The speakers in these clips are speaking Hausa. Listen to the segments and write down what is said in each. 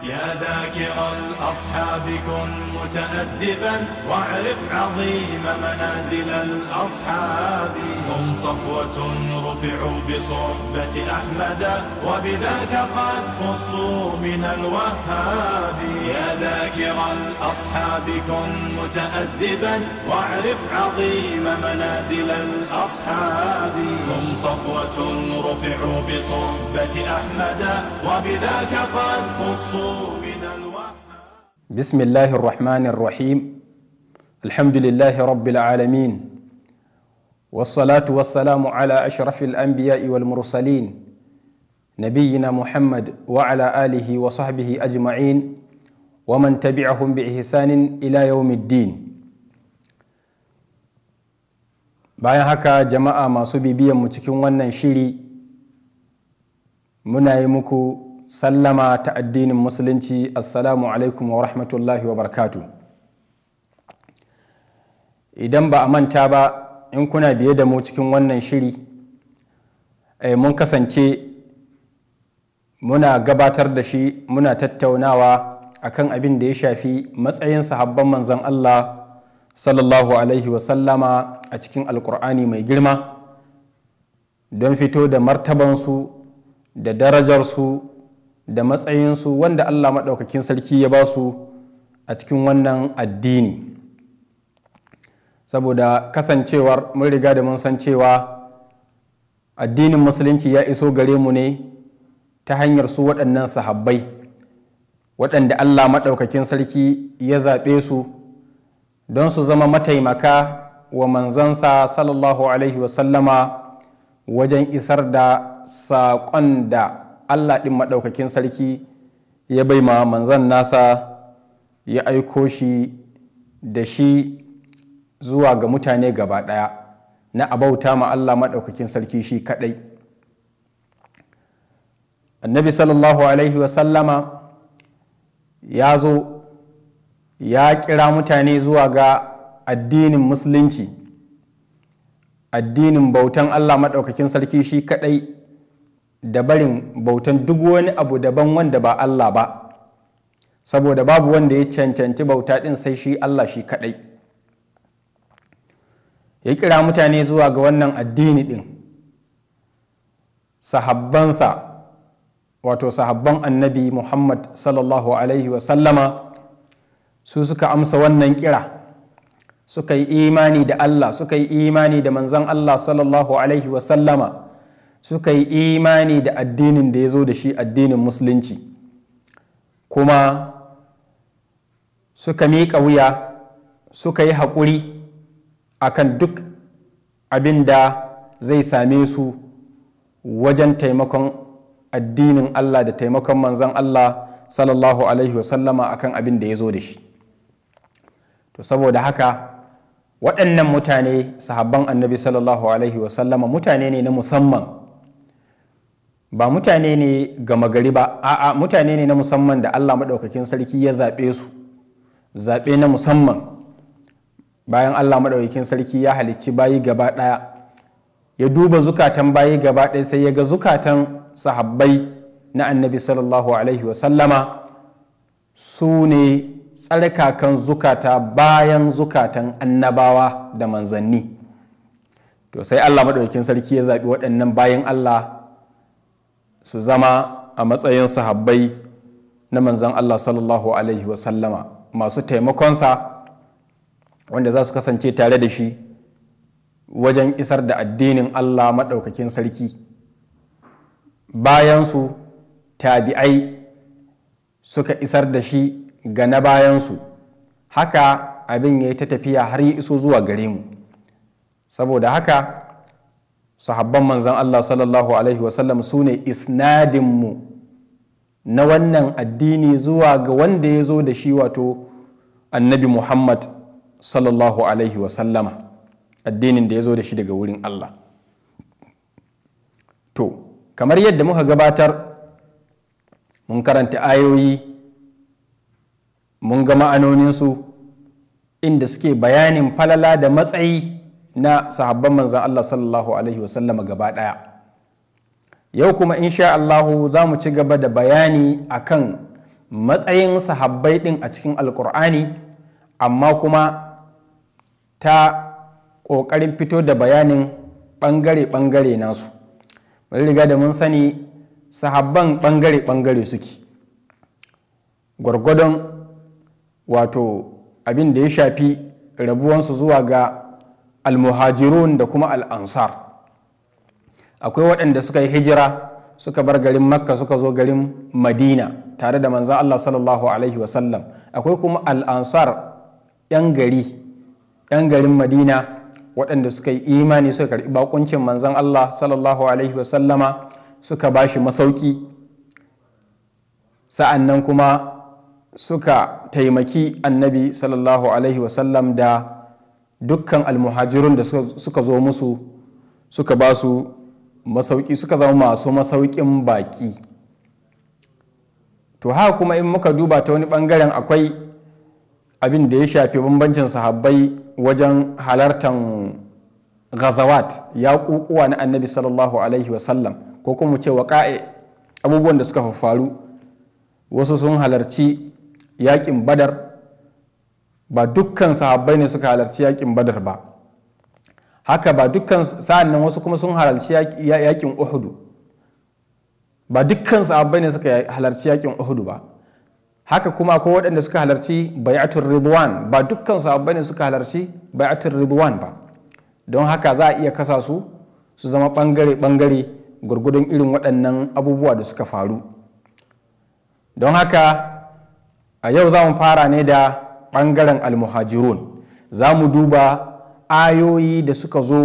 يا ذاكر الأصحاب كن متأدبا واعرف عظيم منازل الأصحاب هم صفوة رفعوا بصحبة أحمد وبذاك قد خصوا من الوهاب يا ذاكر الأصحاب كن متأدبا واعرف عظيم منازل الأصحاب هم صفوة رفعوا بصحبة أحمد وبذاك قد والخص من الوهن بسم الله الرحمن الرحيم الحمد لله رب العالمين والصلاة والسلام على أشرف الأنبياء والمرسلين نبينا محمد وعلى آله وصحبه أجمعين ومن تبعهم بإحسان إلى يوم الدين bayan haka jama'a masu bibiyanmu cikin wannan shiri muna yi muku sallama ta addinin musulunci assalamu alaikum wa rahmatullahi wa barkatu idan ba a manta ba in kuna biye da mu cikin wannan shiri eh, mun kasance muna gabatar da shi muna tattaunawa akan abin da ya shafi matsayin sahabban manzan Allah sallallahu alaihi sallama. a cikin alkur'ani mai girma don fito da martabansu da darajarsu da matsayinsu wanda Allah maɗaukakin sarki ya ba su a cikin wannan addini saboda kasancewar mun riga da mun san cewa addinin musulunci ya iso gare mu ne ta hanyar su waɗannan sahabbai waɗanda Allah maɗaukakin sarki ya zaɓe su don su zama mataimaka wa manzansa sallallahu alaihi wasallama wajen isar da saƙon da Allah ɗin maɗaukakin sarki ya bai ma manzan nasa ya aiko shi da shi zuwa ga mutane gaba ɗaya na abauta ma Allah maɗaukakin sarki shi kaɗai annabi sallallahu alaihi wasallama ya zo ya kira mutane zuwa ga addinin musulunci addinin bautan Allah maɗaukakin sarki shi kaɗai da barin bautan duk wani abu daban wanda ba Allah ba saboda babu wanda ya cancanci bauta ɗin sai shi Allah shi kaɗai ya kira mutane zuwa ga wannan addini ɗin sahabbansa wato sahabban annabi Muhammad sallallahu alaihi wasallama su suka amsa wannan kira suka yi imani da Allah suka yi imani da manzan Allah sallallahu alaihi wasallama suka yi imani da addinin da ya zo da shi addinin musulunci kuma suka miƙa wuya suka yi haƙuri akan duk abin da zai same su wajen taimakon addinin Allah da taimakon manzan Allah sallallahu alaihi wasallama akan abin da ya zo da shi to saboda haka waɗannan mutane sahabban annabi sallallahu alaihi wasallama mutane ne na musamman ba mutane ne gama gari ba a'a mutane ne na musamman da Allah maɗaukakin sarki ya zaɓe su zaɓe na musamman bayan Allah maɗaukakin sarki ya halicci bayi gaba ɗaya ya duba zukatan bayi gaba ɗaya sai ya ga zukatan sahabbai na annabi sallallahu alaihi wasallama su ne tsarkakan zukata bayan zukatan annabawa da manzanni to sai Allah maɗaukakin sarki ya zaɓi waɗannan bayan Allah su zama a matsayin sahabbai na manzan Allah sallallahu alaihi wasallama masu taimakonsa wanda za su kasance tare da shi wajen isar da addinin Allah maɗaukakin sarki bayansu tabi'ai suka isar da shi ga na bayansu haka abin ya yi ta tafiya har yi iso zuwa gare mu saboda haka sahabban manzan Allah sallallahu alaihi wasallam su ne isnadinmu na wannan addini zuwa ga wanda ya zo da shi wato annabi Muhammad sallallahu alaihi wasallama addinin da ya zo da shi daga wurin Allah to kamar yadda muka gabatar mun karanta ayoyi mun ga ma'anoninsu inda suke bayanin falala da matsayi na sahabban manzan Allah sallallahu alaihi wasallama gaba ɗaya yau kuma insha Allahu za mu ci gaba da bayani a kan matsayin sahabbai ɗin a cikin alkur'ani amma kuma ta ƙoƙarin fito da bayanin ɓangare-ɓangare nasu mun riga da mun sani sahabban ɓangare-ɓangare suke gwargwadon wato abin da ya shafi rabuwansu zuwa ga almuhajirun da kuma al'ansar akwai waɗanda suka yi hijira suka bar garin makka suka zo garin madina tare da manzan allah sallallahu alaihi wasallam akwai kuma al'ansar 'yan gari 'yan garin madina waɗanda suka yi imani suka karɓi bakuncin manzan allah sallallahu alaihi wasallama suka ba shi masauki sa'an nan kuma suka taimaki annabi sallallahu alaihi wasallam da dukkan almuhajirun da suka zo musu suka ba su masauki suka zama masu masaukin baki to haka kuma in muka duba ta wani bangaren akwai abin da ya shafi bambancin sahabbai wajen halartan ghazawat ya kukuwa na annabi sallallahu alaihi wasallam ko kuma ce wa ƙa'e abubuwan da suka faru wasu sun halarci yaƙin badar ba dukkan sahabbai ne suka halarci yakin badar ba haka ba dukkan sa'an nan wasu kuma sun halarci yakin uhudu ba dukkan sahabbai ne suka halarci yakin uhudu ba haka kuma ko waɗanda suka halarci bai'atul ridwan ba dukkan sahabbai ne suka halarci bai'atul ridwan ba don haka za a iya kasa su su zama bangare bangare gurgudun irin waɗannan abubuwa da suka faru don haka a yau za mu fara ne da ɓangaren almuhajirun za mu duba ayoyi da suka zo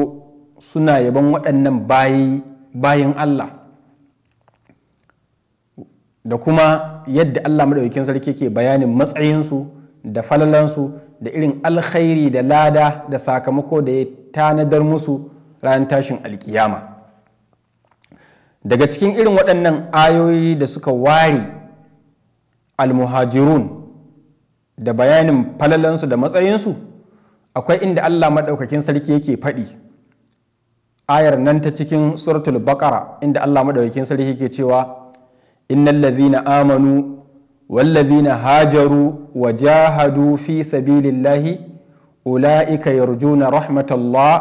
suna yaban waɗannan bayan Allah da kuma yadda Allah maɗaukin sarki ke bayanin matsayinsu da falalansu da irin alkhairi da lada da sakamako da ya tanadar musu ranar tashin alkiyama daga cikin irin waɗannan ayoyi da suka ware almuhajirun da bayanin falalansu da matsayinsu akwai inda Allah maɗaukakin sarki yake faɗi ayar nan ta cikin suratul baqara inda Allah maɗaukakin sarki yake cewa innal ladhina amanu wallazina hajaru wa jahadu fi sabilillahi ula'ika yarjuna rahmatallah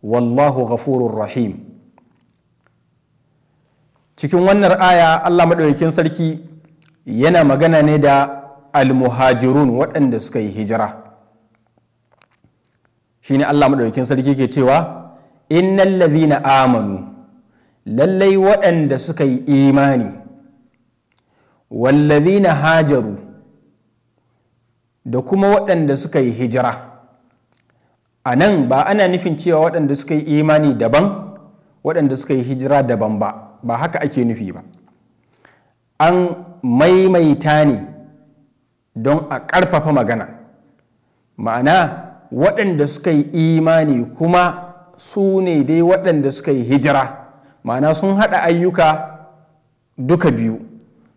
wallahu ghafurur rahim cikin wannan aya Allah maɗaukakin sarki yana magana ne da almuhajirun waɗanda suka yi hijira Shi ne Allah maɗaukin sarki ke cewa innal ladhina amanu lallai waɗanda suka yi imani na hajaru da kuma waɗanda suka yi hijira a nan ba ana nufin cewa waɗanda suka yi imani daban waɗanda suka yi hijira daban ba ba haka ake nufi ba an maimaita ne don a ƙarfafa magana ma'ana waɗanda suka yi imani kuma su ne dai waɗanda suka yi hijira ma'ana sun haɗa ayyuka duka biyu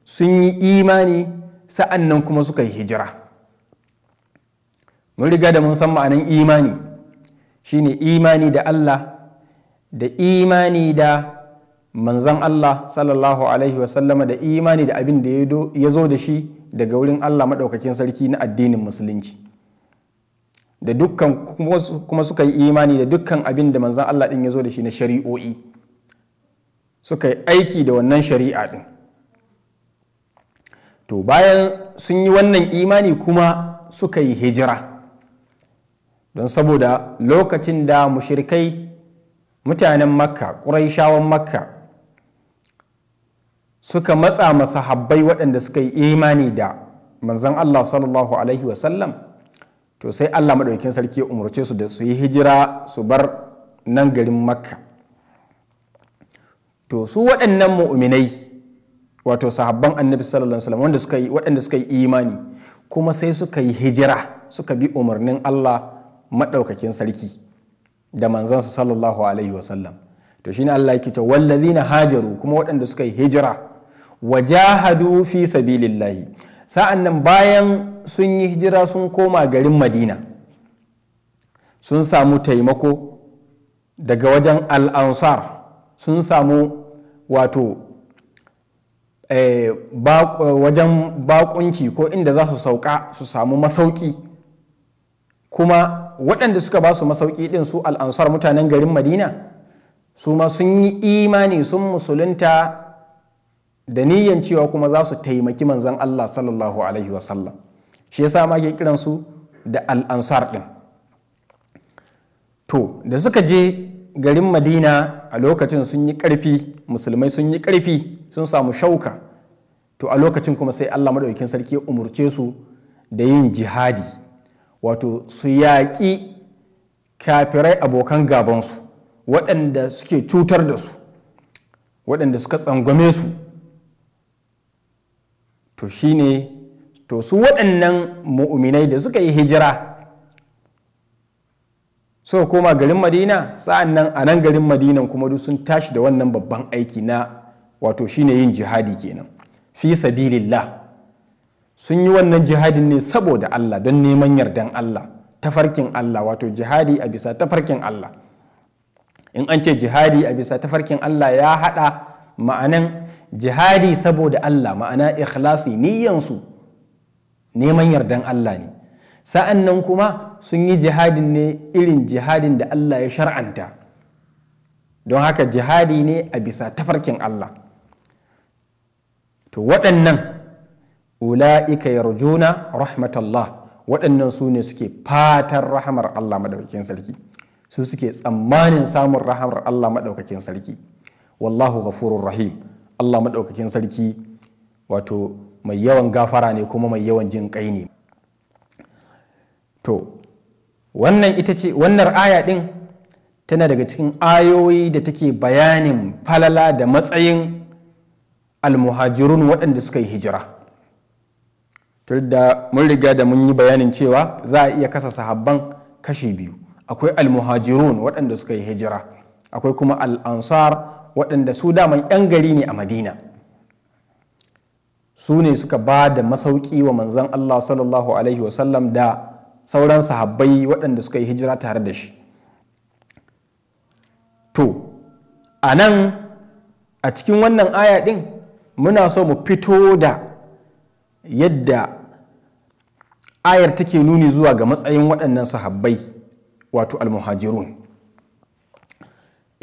sun yi imani sa'an nan kuma suka yi hijira mun riga da mun san ma'anan imani shine imani da Allah da imani da manzan Allah sallallahu alaihi wasallama da imani da abin da ya zo da shi daga wurin Allah maɗaukakin sarki na addinin musulunci da dukkan kuma suka yi imani da dukkan abin da manzan Allah ɗin ya zo da shi na shari'o'i suka yi aiki da wannan shari'a ɗin to bayan sun yi wannan imani kuma suka yi hijira don saboda lokacin da mushirikai mutanen makka ƙuraishawan makka suka matsa masa habbai waɗanda suka yi imani da manzan Allah sallallahu alaihi wasallam to sai Allah maɗaukin sarki ya umarce su da su yi hijira su bar nan garin makka to su waɗannan mu'uminai wato sahabban annabi sallallahu alaihi wasallam waɗanda suka yi imani kuma sai suka yi hijira suka bi umarnin Allah maɗaukakin sarki da manzansa sallallahu alaihi wasallam to shine Allah yake ta wallazina hajaru kuma waɗanda suka yi hijira wa fi sabilillahi sa'an nan bayan sun yi hijira sun koma garin madina sun samu taimako daga wajen al'ansar sun samu wato eh, wajen bakunci ko inda za su sauka su samu masauki kuma waɗanda suka ba su masauki ɗin su al'ansar mutanen garin madina su ma sun yi imani sun musulunta da niyyan cewa kuma za su taimaki manzan Allah sallallahu alaihi wasallam shi yasa ma ke kiransu da al'ansar ɗin to da suka je garin madina a lokacin sun yi ƙarfi musulmai sun yi ƙarfi sun samu shauka to a lokacin kuma sai Allah maɗaukin sarki umurce su da yin jihadi wato su yaƙi kafirai abokan gabansu waɗanda suke cutar da su waɗanda suka tsangwame su to shine to su waɗannan mu'uminai da suka yi hijira suka koma garin madina sa'an nan a nan garin madina kuma duk sun tashi da wannan babban aiki na wato shine yin jihadi kenan fi sabilillah sun yi wannan jihadin ne saboda Allah don neman yardan Allah tafarkin Allah wato jihadi a bisa tafarkin Allah in an ce jihadi a bisa tafarkin Allah ya haɗa ma'anan jihadi saboda Allah ma'ana ikhlasi niyyansu neman yardan Allah ne sa'an nan kuma sun yi jihadin ne irin jihadin da Allah ya shar'anta don haka jihadi ne a bisa tafarkin Allah to waɗannan ula'ika yarjuna rahmatallah waɗannan su ne suke fatan rahamar Allah maɗaukakin sarki su suke tsammanin samun rahamar Allah maɗaukakin sarki wallahu ghafurur rahim Allah madaukakin sarki wato mai yawan gafara ne kuma mai yawan jin kai ne to wannan ita ce wannan aya din tana daga cikin ayoyi da take bayanin falala da matsayin almuhajirun waɗanda suka yi hijira tun da mun riga da mun yi bayanin cewa za a iya kasa sahabban kashi biyu akwai almuhajirun waɗanda suka yi hijira akwai kuma al'ansar waɗanda su daman 'yan gari ne a madina su ne suka ba da masauki wa manzan allah sallallahu alaihi wasallam da sauran sahabbai waɗanda suka yi hijira tare da shi to a nan a cikin wannan aya ɗin muna so mu fito da yadda ayar take nuni zuwa ga matsayin waɗannan sahabbai wato almuhajirun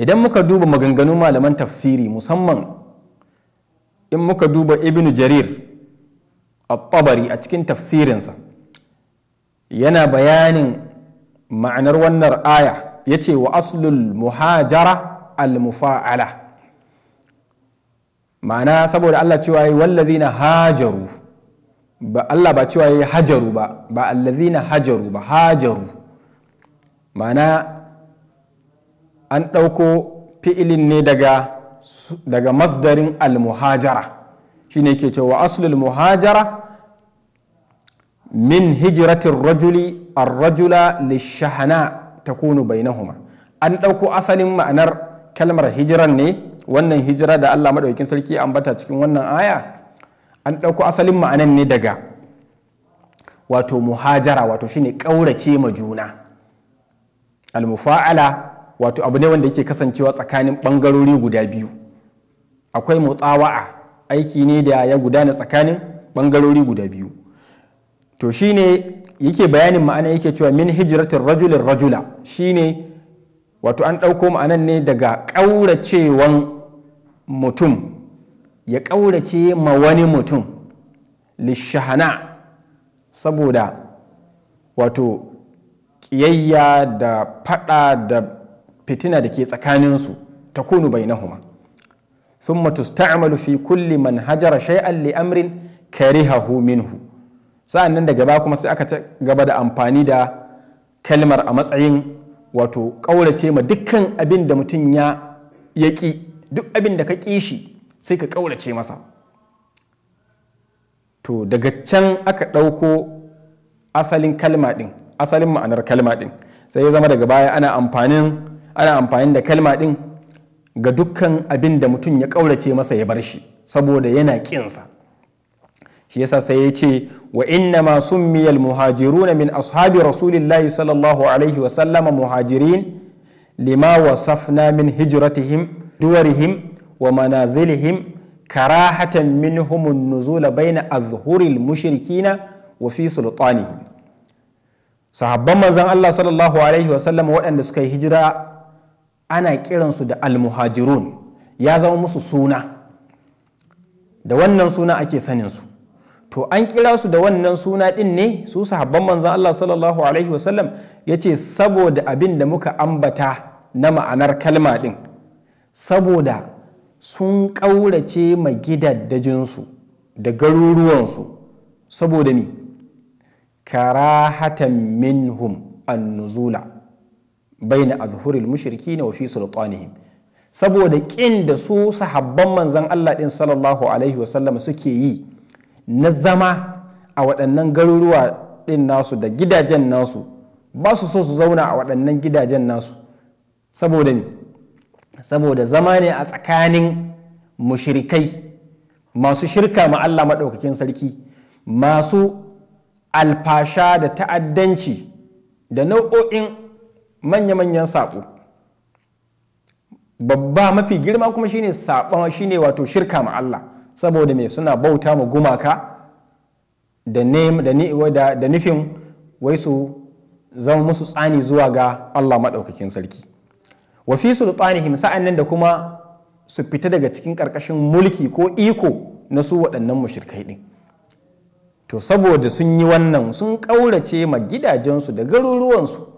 idan muka duba maganganu malaman tafsiri musamman in muka duba ibn jarir at-tabari a cikin tafsirinsa yana bayanin ma'anar wannan aya ya ce wa aslul muhajara al-mufa'ala ma'ana saboda Allah cewa yi na hajaru ba Allah ba cewa yi hajaru ba ba na hajaru ba hajaru ma'ana an ɗauko fi'ilin ne daga daga masdarin shi shine ke cewa aslul muhajara min hijiratin rajuli ar-rajula lishahana na bainahuma an ɗauko asalin ma'anar kalmar hijiran ne wannan hijira da Allah maɗaukin sarki ambata cikin wannan aya an ɗauko asalin ma'anar ne daga wato muhajara wato shine ƙaurace ma juna Al almufa'ala wato abu ne wanda yake kasancewa tsakanin ɓangarori guda biyu akwai mutsawa'a aiki ne da ya gudana tsakanin ɓangarori guda biyu to shine yake bayanin ma'ana yake cewa min hijratin rajulin rajula shine wato an ɗauko ma'anan ne daga ƙauracewan mutum ya ƙaurace ma wani mutum lishahana saboda wato ƙiyayya da faɗa da fitina da ke tsakanin su ta kunu bainahuma ta tusta'malu fi kulli man hajara shay'an li amrin karihahu minhu sa'an nan daga ba kuma sai aka gaba da amfani da kalmar a matsayin wato ƙaurace ma dukkan abin da mutum ya yaƙi duk abin da ka ƙi shi sai ka ƙaurace masa to daga can aka ɗauko asalin kalma ɗin asalin ma'anar kalma ɗin sai ya zama daga baya ana amfanin ana amfani da kalma ɗin ga dukkan abin da mutum ya ƙaurace masa ya bar shi saboda yana ƙinsa shi yasa sai ya ce wa inna ma summiyal muhajiruna min ashabi rasulillahi sallallahu alaihi wa sallama muhajirin lima wasafna min hijratihim duwarihim wa manazilihim karahatan minhum nuzula baina azhuril mushrikina wa fi sultanihim sahabban manzon Allah sallallahu alaihi wa sallam waɗanda suka yi hijira ana kiransu da almuhajirun ya zama musu suna da wannan suna ake sanin su to an kira su da wannan suna din ne su sahabban manzan Allah sallallahu alaihi wasallam ya ce saboda abin da muka ambata na ma'anar kalma din saboda sun ƙaurace ma dajinsu da garuruwansu saboda ni karahatan minhum an nuzula na azhuril mushirki wa fi sultanihim saboda kin da su sahabban manzan Allah ɗin sallallahu alaihi wasallam suke yi na zama a waɗannan garuruwa din nasu da gidajen nasu ba su so su zauna a waɗannan gidajen nasu saboda ne saboda zama ne a tsakanin mushirikai masu shirka ma Allah maɗaukakin sarki masu alfasha da ta'addanci da nau'o'in manya-manyan saƙo babba mafi girma kuma shine saɓon shine wato shirka ma Allah saboda mai suna bauta ma gumaka da nufin wai su zama musu tsani zuwa ga Allah maɗaukakin sarki wa fi sultanihim sa'an nan da kuma su fita daga cikin ƙarƙashin mulki ko iko na su waɗannan mushrikai ɗin to saboda sun yi wannan sun ƙaurace ma gidajensu da garuruwansu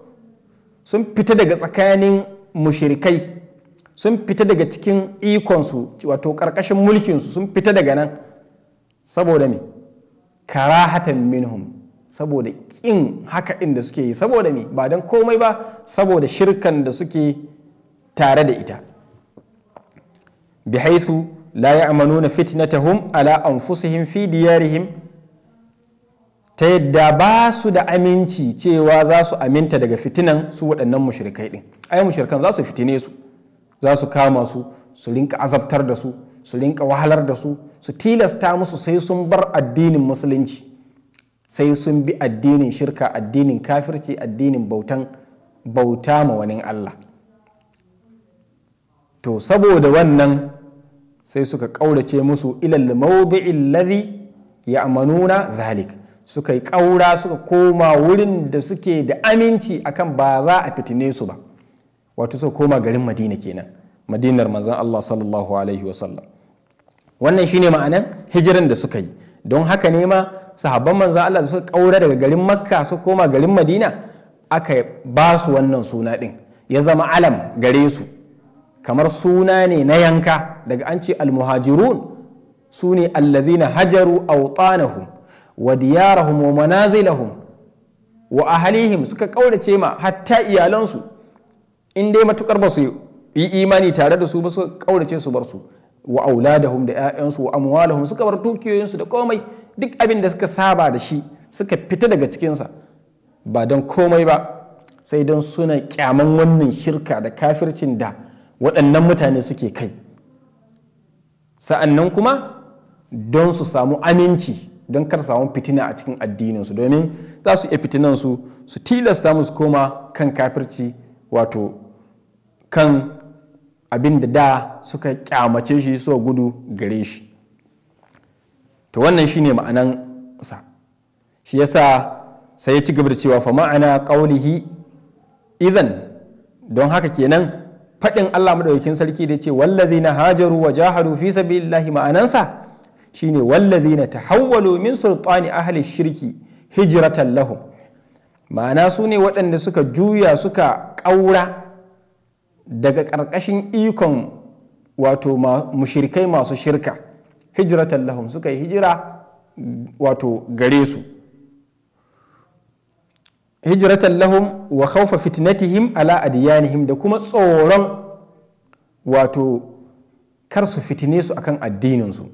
sun fita daga tsakanin mushirikai sun fita daga cikin ikonsu wato ƙarƙashin mulkinsu sun fita daga nan saboda me karahatan minhum saboda ƙin haka inda suke yi saboda me ba don komai ba saboda shirkan da suke tare da ita bihaisu la na fitnatahum ala anfusihim fi diyarihim ta yadda ba su da aminci cewa za su aminta daga fitinan su waɗannan mushrikai ɗin ai mushrikan za su fitine su za su kama su su rinka azabtar da su su rinka wahalar da su su tilasta musu sai sun bar addinin musulunci sai sun bi addinin shirka addinin kafirci addinin bautan bauta ma wani Allah to saboda wannan sai suka ƙaurace musu ilal mawdi'il ladhi ya'manuna zalik suka yi ƙaura suka koma wurin da suke da aminci akan ba za a fitine su ba wato suka koma garin madina kenan madinar manzan allah sallallahu alaihi wasallam wannan shine ma'anan hijiran da suka yi don haka ne ma sahabban manzan allah da suka ƙaura daga garin makka suka koma garin madina aka ba su wannan suna ɗin ya zama alam gare su kamar suna ne na yanka daga an ce almuhajirun su ne allazina hajaru autanahum wa diyarahum wa manazilahum wa ahalihim suka kaurace ma hatta iyalansu in dai matukar ba su yi imani tare da su ba su kaurace su bar su wa auladahum da 'ya'yansu wa amwalahum suka bar su da komai duk abin da suka saba da shi suka fita daga cikin sa ba don komai ba sai don suna kyaman wannan shirka da kafircin da waɗannan mutane suke kai sa'annan kuma don su samu aminci don kar samun fitina a cikin su domin za su iya fitinan su su tilasta musu koma kan kafirci wato kan abin da da suka kyamace shi so gudu gare shi to wannan shine ma'anan sa shi yasa sai ya ci gaba da cewa fa ma'ana qaulihi idan don haka kenan faɗin Allah madaukakin sarki da ce wallazina hajaru wa jahadu fi sabilillahi ma'anansa shine ta tahawwalu min sultani ahli shirki hijiratan lahum ma'ana su ne waɗanda suka juya suka ƙaura daga ƙarƙashin ikon wato mushirikai masu shirka hijiratan lahum suka yi hijira wato gare su hijiratan lahum wa khawfa fitnatihim ala adiyanihim da kuma tsoron wato kar su fitine su akan addininsu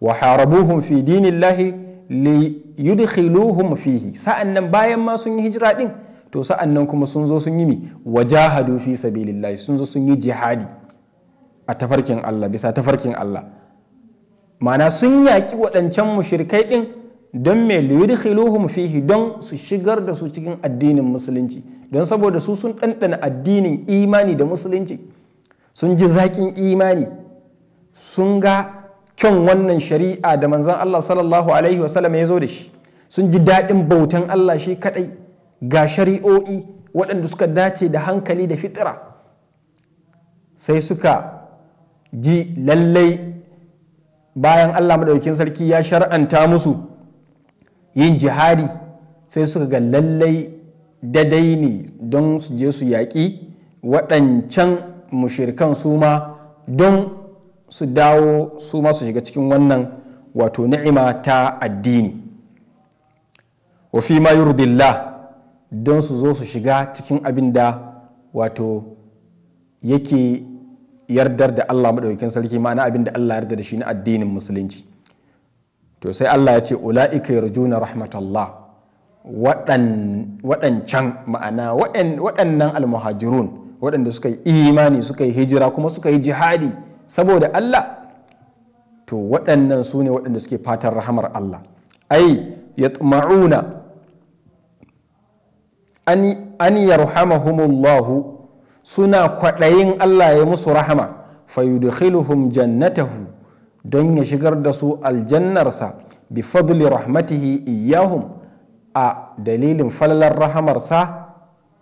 wa harabuhum fi dinillahi li yudkhiluhum fihi sa'annan bayan ma sun yi hijira din to sa'annan kuma sun zo sun yi mi wajahadu fi sabilillahi sun zo sun yi jihadi a tafarkin Allah bisa tafarkin Allah mana sun yaƙi waɗancan mushrikai ɗin don me liyudkhiluhum fihi don su shigar da su cikin addinin musulunci don saboda su sun ɗanɗana addinin imani da musulunci sun ji zaƙin imani sun ga kyan wannan shari'a da manzon Allah sallallahu alaihi wasallam ya zo da shi sun ji daɗin bautan Allah shi kaɗai ga shari'o'i waɗanda suka dace da hankali da fitira sai suka ji lallai bayan Allah maɗaukin sarki ya shar'anta musu yin jihadi sai suka ga lallai dadai ne don su je su yaƙi waɗancan mushirkan su ma don su dawo su masu shiga cikin wannan wato ni'ima ta addini wa fi ma yurdillah don su zo su shiga cikin abin da wato yake yardar da Allah maɗaukin sarki ma'ana abin da Allah yarda da shi na addinin musulunci to sai Allah ya ce ula'ika yarjuna rahmatallah waɗancan ma'ana waɗannan almuhajirun waɗanda suka yi imani suka yi hijira kuma suka yi jihadi saboda Allah to waɗannan su ne waɗanda suke fatan rahamar Allah ai yatma'una an yarhamahumullahu suna kwaɗayin Allah ya musu rahama fayudkhiluhum jannatahu don ya shigar da su aljannarsa bi fadli rahmatihi iyahum a dalilin falalar rahamarsa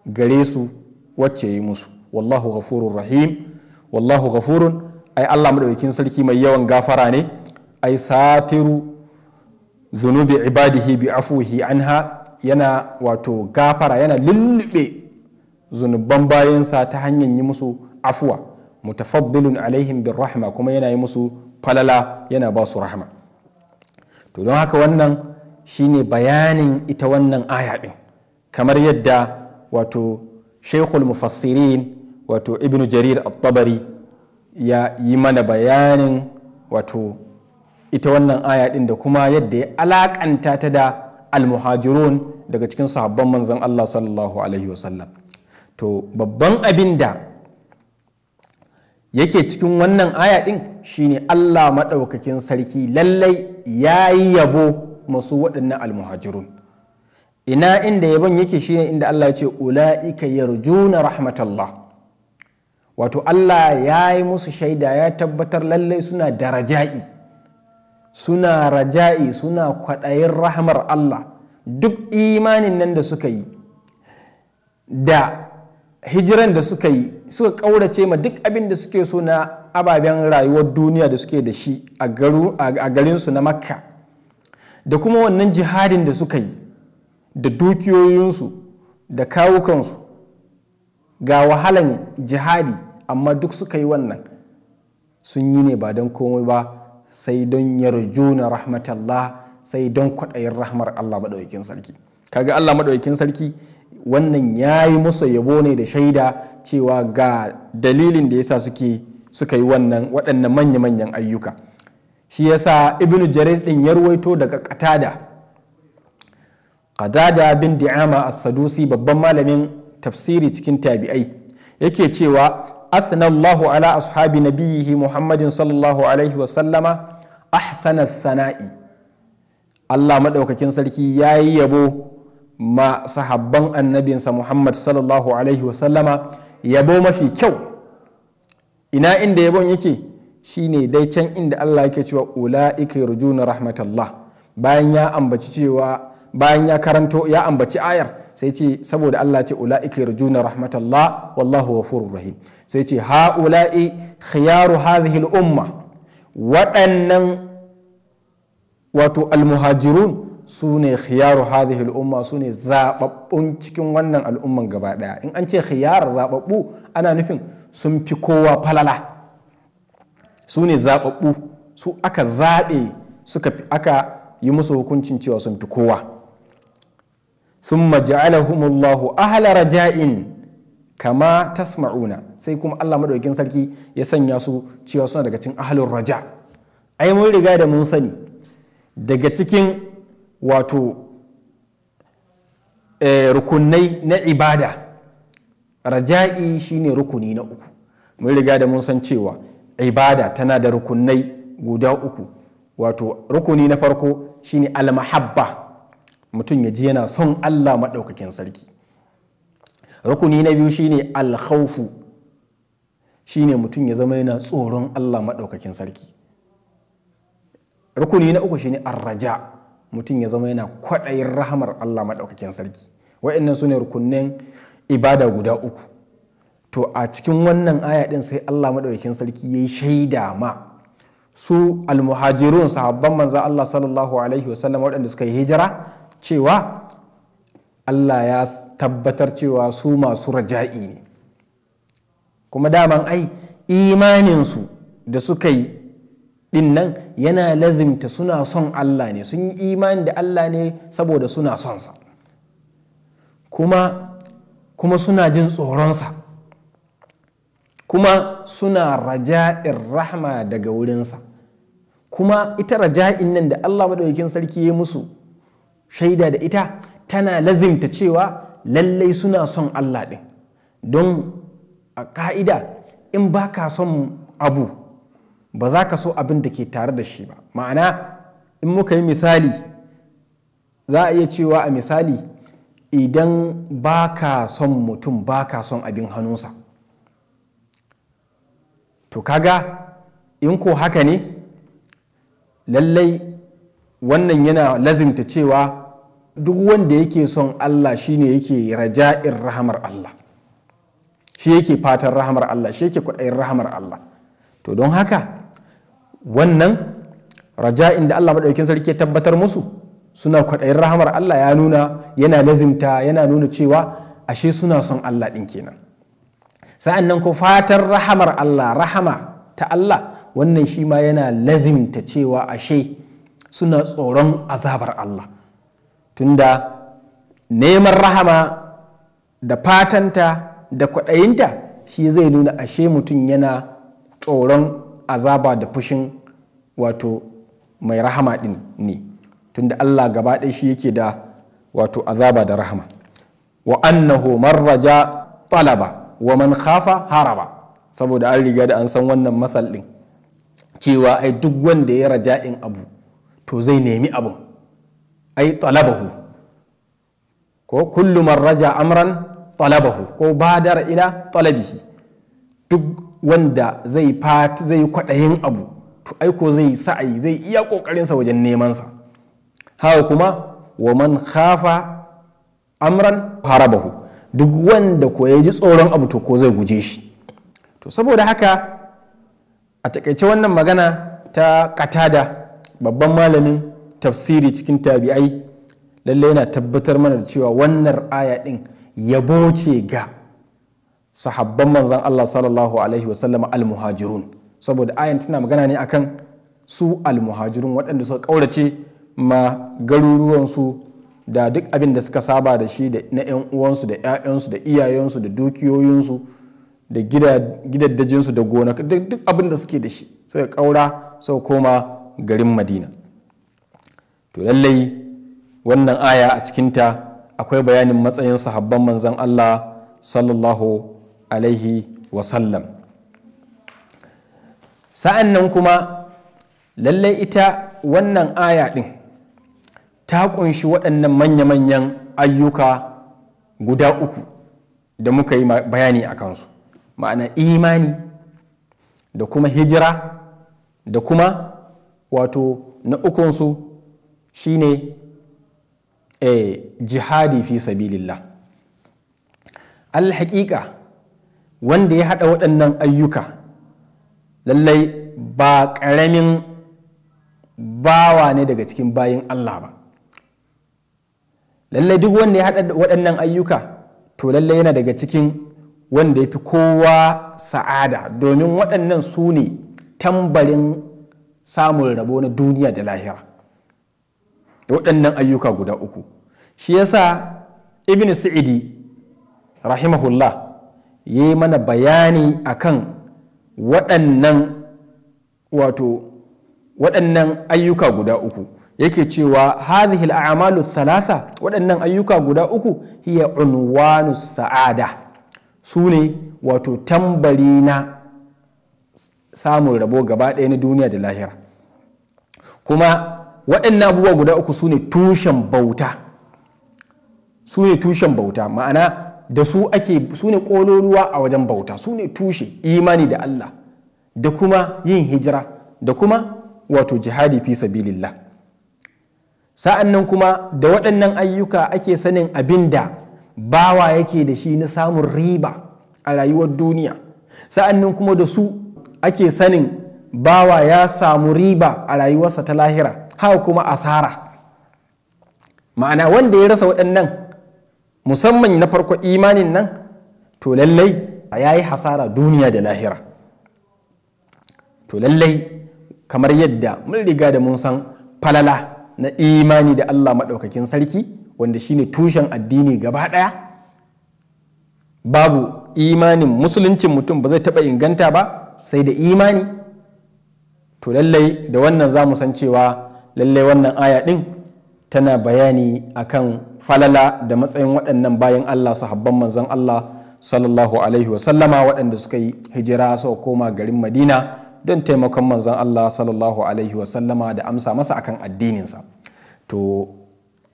gare su wacce yi musu wallahu ghafurur rahim wallahu ghafurun ai Allah madaukakin sarki mai yawan gafara ne ai satiru zunubi ibadihi bi afuhi anha yana wato gafara yana lullube zunuban bayansa ta hanyar yi musu afuwa mutafaddilun alaihim bir rahma kuma yana yi musu falala yana ba su rahma to don haka wannan shine bayanin ita wannan aya din kamar yadda wato shaykhul mufassirin wato ibnu jarir at-tabari ya yi mana bayanin wato ita wannan aya ɗin da kuma yadda ya alakanta ta da almuhajirun daga cikin sahabban manzan Allah sallallahu alaihi wasallam to babban abin da yake cikin wannan aya ɗin shine Allah maɗaukakin sarki lallai ya yi yabo masu waɗannan almuhajirun ina inda yabon yake shine inda Allah ya ce ula'ika yarjuna rahmatallah wato Allah ya yi musu shaida ya tabbatar lallai suna da raja'i suna raja'i suna kwaɗayin rahamar Allah duk imanin nan da suka yi da hijiran da suka yi suka ƙaurace ma duk abin da suke so na ababen rayuwar duniya da suke da shi a garinsu na makka da kuma wannan jihadin da suka yi da dukiyoyinsu da kawukansu ga wahalan jihadi amma duk suka yi wannan sun yi ne ba don komai ba sai don yarjuna rahmatallah sai don kwaɗayin rahmar Allah maɗaukin sarki kaga Allah maɗaukin sarki wannan ya yi musu yabo ne da shaida cewa ga dalilin da yasa suke suka yi wannan waɗannan manya-manyan ayyuka shi yasa ibn jarir ɗin ya ruwaito daga qatada qatada bin di'ama as-sadusi babban malamin tafsiri cikin tabi'ai yake cewa أثنى الله على أصحاب نبيه محمد صلى الله عليه وسلم أحسن الثناء الله مدعوك كنسلكي يا يبو ما صحبان النبي محمد صلى الله عليه وسلم يبو ما في كو إنا إند يبو نيكي shine dai can inda Allah yake cewa ula'ika yarjuna rahmatallah bayan ya ambaci cewa bayan ya karanto ya ambaci ayar sai ce saboda Allah ce ula'ika yarjuna rahmatallah wallahu ghafurur rahim sai ce ha ula'i khiyaru hadhihi umma waɗannan wato almuhajirun su ne khiyaru hadhihi umma su ne cikin wannan al'umman gaba ɗaya in an ce khiyar zaɓaɓɓu ana nufin sun fi kowa falala su ne zaɓaɓɓu su aka zaɓe suka aka yi musu hukuncin cewa sun fi kowa thumma ja'alahumullahu ahla raja'in kama tasma'una sai kuma Allah maɗaukin sarki ya sanya su cewa suna daga cin ahalin raja ai mun riga da mun sani daga cikin wato eh, rukunai na ibada raja'i shine rukuni na uku mun riga da mun san cewa ibada tana da rukunai guda uku wato rukuni na farko shine almahabba mutum ya ji yana son Allah maɗaukakin sarki rukuni na biyu shine alkhawfu shine mutum ya zama yana tsoron Allah maɗaukakin sarki rukuni na uku shine arraja mutum ya zama yana kwaɗayin rahamar Allah maɗaukakin sarki wa'annan su ne rukunin ibada guda uku to a cikin wannan aya ɗin sai Allah maɗaukakin sarki ya yi shaida ma su almuhajirun sahabban manza Allah sallallahu alaihi wasallam waɗanda suka yi hijira cewa Allah ya tabbatar cewa su masu raja'i ne kuma daman ai imaninsu da suka yi din nan yana lazimta suna son Allah ne sun yi imani da Allah ne saboda suna sonsa. kuma kuma suna jin tsoronsa kuma suna raja'in rahma daga wurinsa kuma ita raja'in nan da Allah madaukakin sarki ya musu shaida da ita tana lazimta cewa lallai suna son Allah ɗin don a ka'ida in ba ka son abu ba za ka so abin da ke tare da shi ba ma'ana in muka yi misali za a iya cewa a misali idan ba ka son mutum ba ka son abin hannunsa to kaga in ko haka ne lallai wannan yana lazimta cewa duk wanda yake son Allah shine yake raja'in rahamar Allah shi yake fatan rahamar Allah shi yake kwaɗayin rahamar Allah to don haka wannan raja'in da Allah maɗaukin sarki ya tabbatar musu suna kwaɗayin rahamar Allah ya nuna yana lazimta yana nuna cewa ashe suna son Allah ɗin kenan sa'an nan ko fatan rahamar Allah rahama ta Allah wannan shi ma yana lazimta cewa ashe suna tsoron azabar Allah tunda neman rahama da fatanta da kwaɗayinta shi zai nuna ashe mutum yana tsoron azaba da fushin wato mai rahama ɗin ne tunda Allah gaba ɗaya shi yake da wato azaba da rahama wa annahu marraja talaba wa man khafa haraba saboda an riga da an san wannan matsal ɗin cewa ai duk wanda ya raja'in abu to zai nemi abu ai talabahu ko kullu man raja amran talabahu ko badara ila talabihi duk wanda zai fat zai kwaɗayin abu to ai ko zai sa'ayi zai iya ƙoƙarinsa wajen nemansa haka kuma wa man khafa amran harabahu duk wanda ko ya ji tsoron abu to ko zai guje shi to saboda haka a takaice wannan magana ta katada babban malamin tafsiri cikin tabi'ai lallai yana tabbatar mana da cewa wannan aya din yabo ce ga sahabban manzan Allah sallallahu alaihi wasallam almuhajirun saboda ayan tana magana ne akan su almuhajirun waɗanda suka ƙaurace ma garuruwansu da duk abin da suka saba da shi da na 'yan uwansu da 'ya'yansu da iyayensu da dukiyoyinsu da gidaddajinsu da gona duk abin da suke da shi suka ƙaura suka koma garin madina to lallai wannan aya a cikinta akwai bayanin matsayin sahabban manzan allah sallallahu alaihi wasallam sa'an nan kuma lallai ita wannan aya ɗin ta ƙunshi waɗannan manya-manyan ayyuka guda uku da muka yi bayani a kansu ma'ana imani da kuma hijira da kuma wato na ukunsu shine e, jihadi fi sabilillah alhaƙiƙa wanda ya haɗa waɗannan ayyuka lallai ba ƙaramin bawa ne daga cikin bayin Allah ba lallai duk wanda ya haɗa waɗannan ayyuka to lallai yana daga cikin wanda ya fi kowa sa'ada domin waɗannan su ne tambarin samun rabo na duniya da lahira waɗannan ayyuka guda uku shi yasa ibn sa'idi rahimahullah ya yi mana bayani akan waɗannan wato waɗannan ayyuka guda uku yake cewa hadhihi al'amalu thalatha waɗannan ayyuka guda uku hiya unwanu sa'ada su ne wato tambari na samun rabo gaba ɗaya na duniya da lahira kuma waɗannan abubuwa guda uku su ne tushen bauta su ne tushen bauta ma'ana da su ake su ne ƙololuwa a wajen bauta su ne tushe imani da Allah da kuma yin hijira da kuma wato jihadi fi sabilillah sa'an nan kuma da waɗannan ayyuka ake sanin abin da bawa yake da shi na samun riba a rayuwar duniya sa'an nan kuma da su ake sanin bawa ya samu riba a rayuwarsa ta lahira haka kuma asara ma'ana wanda ya rasa waɗannan musamman na farko imanin nan to lallai ya yi hasara duniya da lahira to lallai kamar yadda mun riga da mun san falala na imani da Allah maɗaukakin sarki wanda shine tushen addini gaba ɗaya babu imanin musuluncin mutum ba zai taɓa inganta ba sai da imani to lallai da wannan za mu san cewa lallai wannan aya ɗin tana bayani akan falala da matsayin waɗannan bayan Allah habban manzon Allah sallallahu alaihi sallama waɗanda suka yi hijira suka koma garin madina don taimakon manzon Allah sallallahu alaihi sallama da amsa masa akan addininsa to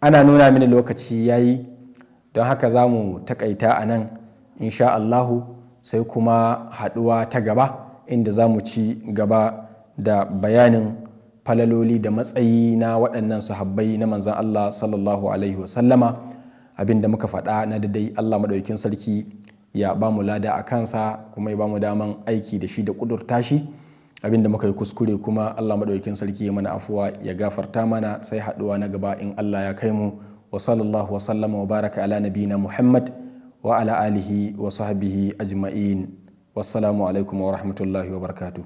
ana nuna mini lokaci yayi don haka za mu takaita a nan insha Allahu sai kuma haɗuwa ta gaba inda za mu ci gaba da bayanin falaloli da matsayi na waɗannan sahabbai na manzan Allah sallallahu alaihi wasallama abinda muka faɗa na dadai Allah maɗaukin sarki ya ba mu lada a kansa kuma ya ba mu daman aiki da shi da ƙudurta tashi. Abinda muka yi kuskure kuma Allah maɗaukin sarki ya mana afuwa ya gafarta mana sai haɗuwa na gaba in Allah ya kai mu wa sallallahu wa sallama wa baraka ala nabina Muhammad wa ala alihi wa sahbihi ajma'in wassalamu alaikum wa rahmatullahi wa barakatuh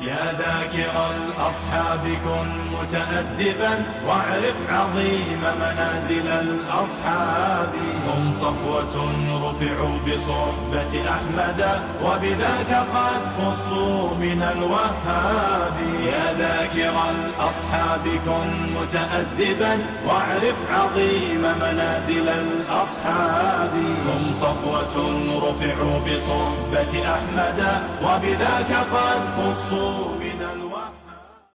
يا ذاكر الأصحاب كن متأدبا واعرف عظيم منازل الأصحاب هم صفوة رفعوا بصحبة أحمد وبذاك قد خصوا من الوهاب يا ذاكر الأصحاب كن متأدبا واعرف عظيم منازل الأصحاب هم صفوة رفعوا بصحبة أحمد وبذاك قد خصوا holy.